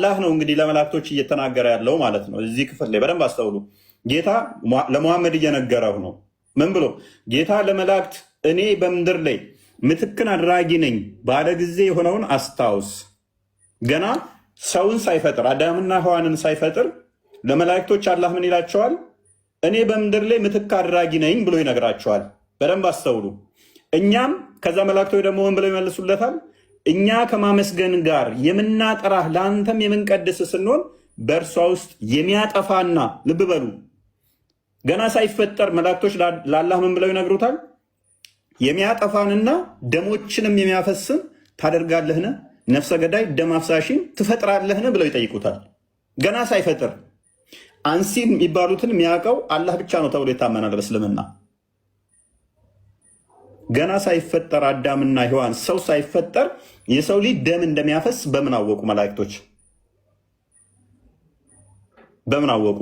አላህ ነው እንግዲህ ለመላእክቶች እየተናገረ ያለው ማለት ነው። እዚህ ክፍል ላይ በደንብ አስተውሉ። ጌታ ለሙሐመድ እየነገረው ነው። ምን ብሎ ጌታ ለመላእክት እኔ በምድር ላይ ምትክን አድራጊ ነኝ ባለ ጊዜ የሆነውን አስታውስ። ገና ሰውን ሳይፈጥር አዳምና ሔዋንን ሳይፈጥር ለመላእክቶች አላህ ምን ይላቸዋል? እኔ በምድር ላይ ምትክ አድራጊ ነኝ ብሎ ይነግራቸዋል። በደንብ አስተውሉ። እኛም ከዛ መላእክቶች ደግሞ ምን ብለው ይመልሱለታል? እኛ ከማመስገን ጋር የምናጠራህ ለአንተም የምንቀድስ ስንሆን በእርሷ ውስጥ የሚያጠፋና ልብ በሉ ገና ሳይፈጠር መላእክቶች ለአላህ ምን ብለው ይነግሩታል? የሚያጠፋንና ደሞችንም የሚያፈስን ታደርጋለህን? ነፍሰ ገዳይ ደም አፍሳሽን ትፈጥራለህን? ብለው ይጠይቁታል። ገና ሳይፈጥር አንሲ የሚባሉትን የሚያውቀው አላህ ብቻ ነው ተብሎ ይታመናል በእስልምና። ገና ሳይፈጠር አዳምና ሔዋን ሰው ሳይፈጠር የሰው ልጅ ደም እንደሚያፈስ በምን አወቁ? መላእክቶች በምን አወቁ?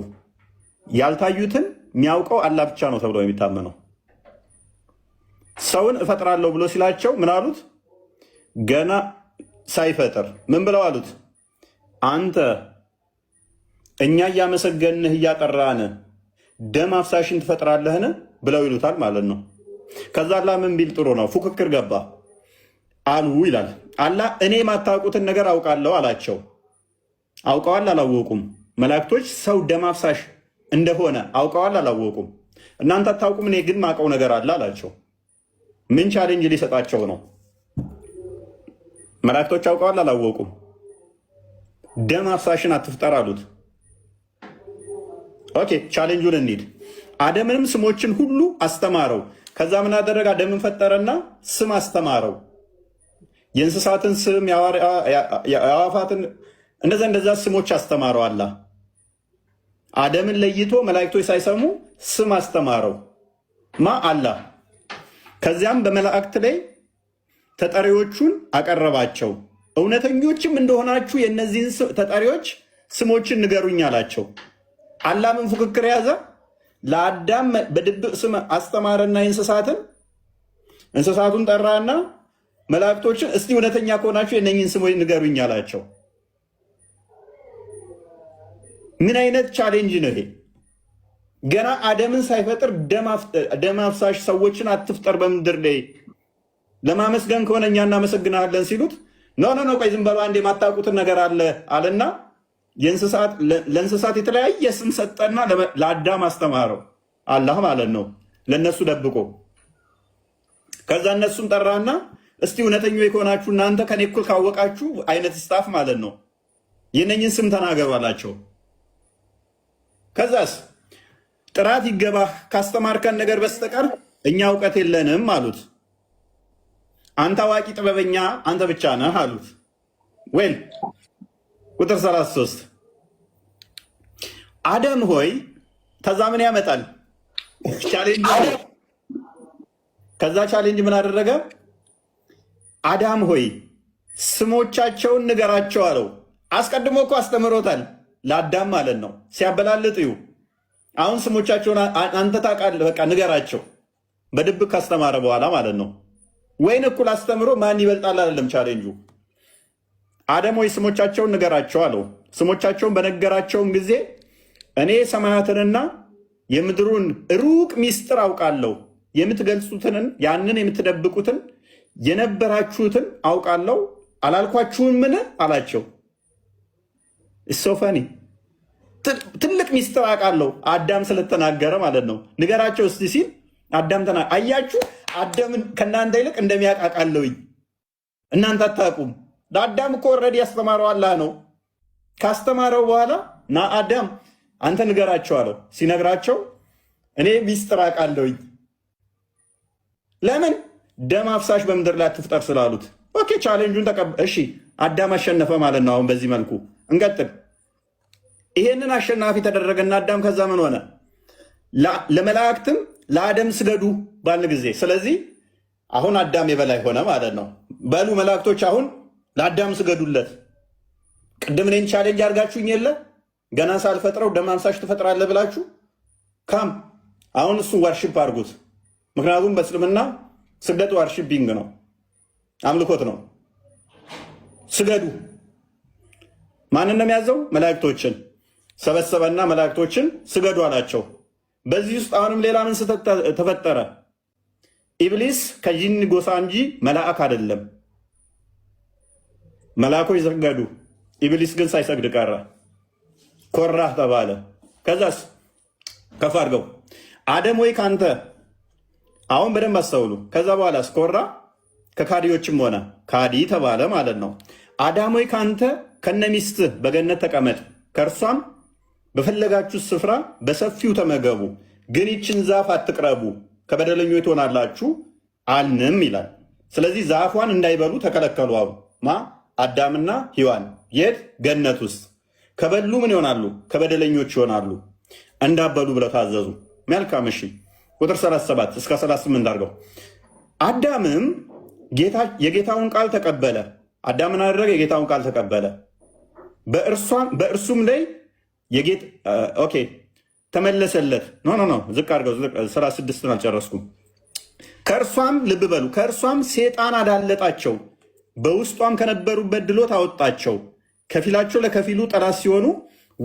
ያልታዩትን የሚያውቀው አላ ብቻ ነው ተብሎ የሚታመነው ሰውን እፈጥራለሁ ብሎ ሲላቸው ምን አሉት? ገና ሳይፈጥር ምን ብለው አሉት? አንተ እኛ እያመሰገንህ እያጠራን ደም አፍሳሽን ትፈጥራለህን ብለው ይሉታል ማለት ነው። ከዛ አላ ምን ቢል ጥሩ ነው? ፉክክር ገባ አሉ ይላል አላ እኔ የማታውቁትን ነገር አውቃለሁ አላቸው። አውቀዋል አላወቁም? መላእክቶች ሰው ደም አፍሳሽ እንደሆነ አውቀዋል አላወቁም? እናንተ አታውቁም፣ እኔ ግን ማቀው ነገር አለ አላቸው። ምን ቻሌንጅ ሊሰጣቸው ነው? መላእክቶች አውቀዋል አላወቁም? ደም አፍሳሽን አትፍጠር አሉት። ኦኬ ቻሌንጁን እንሂድ። አደምንም ስሞችን ሁሉ አስተማረው ከዛ ምን አደረገ? አደምን ፈጠረና ስም አስተማረው። የእንስሳትን ስም፣ የአዋፋትን እንደዛ እንደዛ ስሞች አስተማረው አላ። አደምን ለይቶ መላእክቶች ሳይሰሙ ስም አስተማረው ማ አላ ከዚያም በመላእክት ላይ ተጠሪዎቹን አቀረባቸው። እውነተኞችም እንደሆናችሁ የእነዚህን ተጠሪዎች ስሞችን ንገሩኝ አላቸው። አላምን ፉክክር የያዘ ለአዳም በድብቅ ስም አስተማረና እንስሳትን እንስሳቱን ጠራና መላእክቶችን እስቲ እውነተኛ ከሆናችሁ የነኝን ስሞች ንገሩኝ አላቸው። ምን አይነት ቻሌንጅ ነው ይሄ? ገና አደምን ሳይፈጥር ደም አፍሳሽ ሰዎችን አትፍጠር በምድር ላይ ለማመስገን ከሆነ እኛ እናመሰግናለን ሲሉት፣ ኖ ኖ ኖ፣ ቆይ ዝም በሉ አንድ የማታውቁትን ነገር አለ አለና ለእንስሳት የተለያየ ስም ሰጠና ለአዳም አስተማረው አላህ ማለት ነው፣ ለእነሱ ደብቆ። ከዛ እነሱን ጠራና እስቲ እውነተኞች የሆናችሁ እናንተ ከኔ እኩል ካወቃችሁ አይነት ስታፍ ማለት ነው የነኝን ስም ተናገሩ አላቸው። ከዛስ ጥራት ይገባህ ካስተማርከን ነገር በስተቀር እኛ እውቀት የለንም አሉት። አንተ አዋቂ ጥበበኛ አንተ ብቻ ነህ አሉት። ወይል ቁጥር 33 አደም ሆይ ከዛ ምን ያመጣል? ቻሌንጅ ከዛ ቻሌንጅ ምን አደረገ? አዳም ሆይ ስሞቻቸውን ንገራቸው አለው። አስቀድሞ እኮ አስተምሮታል ለአዳም ማለት ነው። ሲያበላልጥ ዩ አሁን ስሞቻቸውን አንተ ታውቃለህ፣ በቃ ንገራቸው። በድብቅ ካስተማረ በኋላ ማለት ነው። ወይን እኩል አስተምሮ ማን ይበልጣል አይደለም ቻሌንጁ። አደም ሆይ ስሞቻቸውን ንገራቸው አለው። ስሞቻቸውን በነገራቸውም ጊዜ እኔ ሰማያትንና የምድሩን ሩቅ ሚስጥር አውቃለሁ፣ የምትገልጹትንን ያንን የምትደብቁትን የነበራችሁትን አውቃለሁ አላልኳችሁም? ምን አላቸው። እሶፈኒ ትልቅ ሚስጥር አውቃለሁ አዳም ስለተናገረ ማለት ነው። ንገራቸው እስቲ ሲል አዳም ተና አያችሁ፣ አዳምን ከእናንተ ይልቅ እንደሚያቃቃለውኝ እናንተ አታውቁም። ለአዳም እኮ ኦልሬዲ ያስተማረው አላህ ነው። ካስተማረው በኋላ ና አዳም አንተ ንገራቸው አለው። ሲነግራቸው እኔ ሚስጥር አውቃለሁኝ ለምን ደም አፍሳሽ በምድር ላይ አትፍጠር ስላሉት፣ ኦኬ ቻሌንጁን ተቀ እሺ፣ አዳም አሸነፈ ማለት ነው። አሁን በዚህ መልኩ እንቀጥል። ይሄንን አሸናፊ ተደረገና አዳም ከዛ ምን ሆነ? ለመላእክትም ለአደም ስገዱ ባል ጊዜ፣ ስለዚህ አሁን አዳም የበላይ ሆነ ማለት ነው። በሉ መላእክቶች አሁን ለአዳም ስገዱለት። ቅድም እኔን ቻሌንጅ አድርጋችሁኝ የለ ገና ሳልፈጥረው ደም አምሳሽ ትፈጥራለህ ብላችሁ ካም አሁን እሱን ዋርሺፕ አድርጉት። ምክንያቱም በእስልምና ስደት ዋርሺፒንግ ነው፣ አምልኮት ነው። ስገዱ። ማንን ነው የሚያዘው? መላእክቶችን ሰበሰበና መላእክቶችን ስገዱ አላቸው። በዚህ ውስጥ አሁንም ሌላ ምን ስህተት ተፈጠረ? ኢብሊስ ከጂን ጎሳ እንጂ መላእክ አይደለም። መላእኮች ሰገዱ፣ ኢብሊስ ግን ሳይሰግድ ቀረ። ኮራህ ተባለ። ከዛስ ከፍ አድርገው አደም ወይ ከአንተ አሁን በደንብ አስተውሉ። ከዛ በኋላ ስኮራ ከካዲዎችም ሆነ ካዲ ተባለ ማለት ነው። አዳም ወይ ከአንተ ከነ ሚስትህ በገነት ተቀመጥ፣ ከእርሷም በፈለጋችሁ ስፍራ በሰፊው ተመገቡ፣ ግን ይችን ዛፍ አትቅረቡ፣ ከበደለኞች ትሆናላችሁ አልንም ይላል። ስለዚህ ዛፏን እንዳይበሉ ተከለከሉ። አሁ ማ አዳምና ሔዋን የት ገነት ውስጥ ከበሉ ምን ይሆናሉ? ከበደለኞች ይሆናሉ። እንዳበሉ ብለው ታዘዙ። መልካም እሺ። ቁጥር 37 እስከ 38 አድርገው። አዳምም የጌታውን ቃል ተቀበለ። አዳምን አደረገ፣ የጌታውን ቃል ተቀበለ። በእርሱም ላይ ኦኬ ተመለሰለት። ኖ ኖ ኖ ዝቅ አድርገው፣ ስድስትን አልጨረስኩም። ከእርሷም ልብ በሉ፣ ከእርሷም ሴጣን አዳለጣቸው፣ በውስጧም ከነበሩበት ድሎት አወጣቸው ከፊላቸው ለከፊሉ ጠላት ሲሆኑ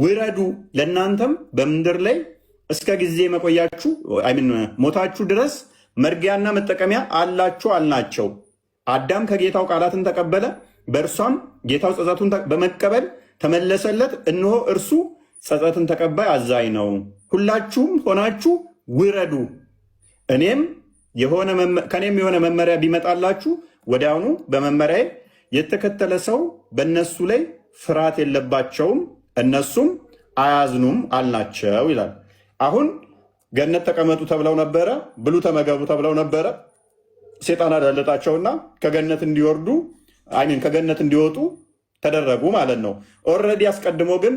ውረዱ፣ ለእናንተም በምድር ላይ እስከ ጊዜ መቆያችሁ ሞታችሁ ድረስ መርጊያና መጠቀሚያ አላችሁ አልናቸው። አዳም ከጌታው ቃላትን ተቀበለ፣ በእርሷም ጌታው ጸጸቱን በመቀበል ተመለሰለት። እነሆ እርሱ ጸጸትን ተቀባይ አዛኝ ነው። ሁላችሁም ሆናችሁ ውረዱ፣ እኔም ከእኔም የሆነ መመሪያ ቢመጣላችሁ ወዲያውኑ በመመሪያ የተከተለ ሰው በእነሱ ላይ ፍርሃት የለባቸውም እነሱም አያዝኑም አልናቸው ይላል። አሁን ገነት ተቀመጡ ተብለው ነበረ፣ ብሉ ተመገቡ ተብለው ነበረ። ሴጣን አዳለጣቸውና ከገነት እንዲወርዱ አይሚን ከገነት እንዲወጡ ተደረጉ ማለት ነው። ኦልሬዲ አስቀድሞ ግን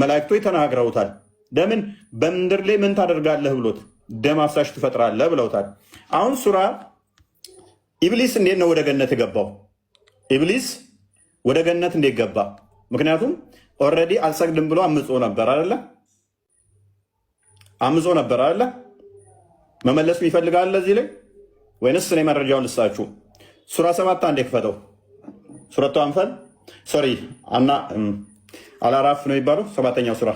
መላእክቶ ተናግረውታል። ለምን በምድር ላይ ምን ታደርጋለህ ብሎት ደም አፍሳሽ ትፈጥራለህ ብለውታል። አሁን ሱራ ኢብሊስ እንዴት ነው ወደ ገነት የገባው? ኢብሊስ ወደ ገነት እንዴት ገባ? ምክንያቱም ኦልሬዲ አልሰግድም ብሎ አምጾ ነበር አለ አምጾ ነበር አለ መመለሱ ይፈልጋል እዚህ ላይ ወይንስ እኔ መረጃውን ልሳችሁ? ሱራ ሰባት አንዴ ክፈተው። ሱረቱ አንፈል ሶሪ አና አላራፍ ነው የሚባለው ሰባተኛው ሱራ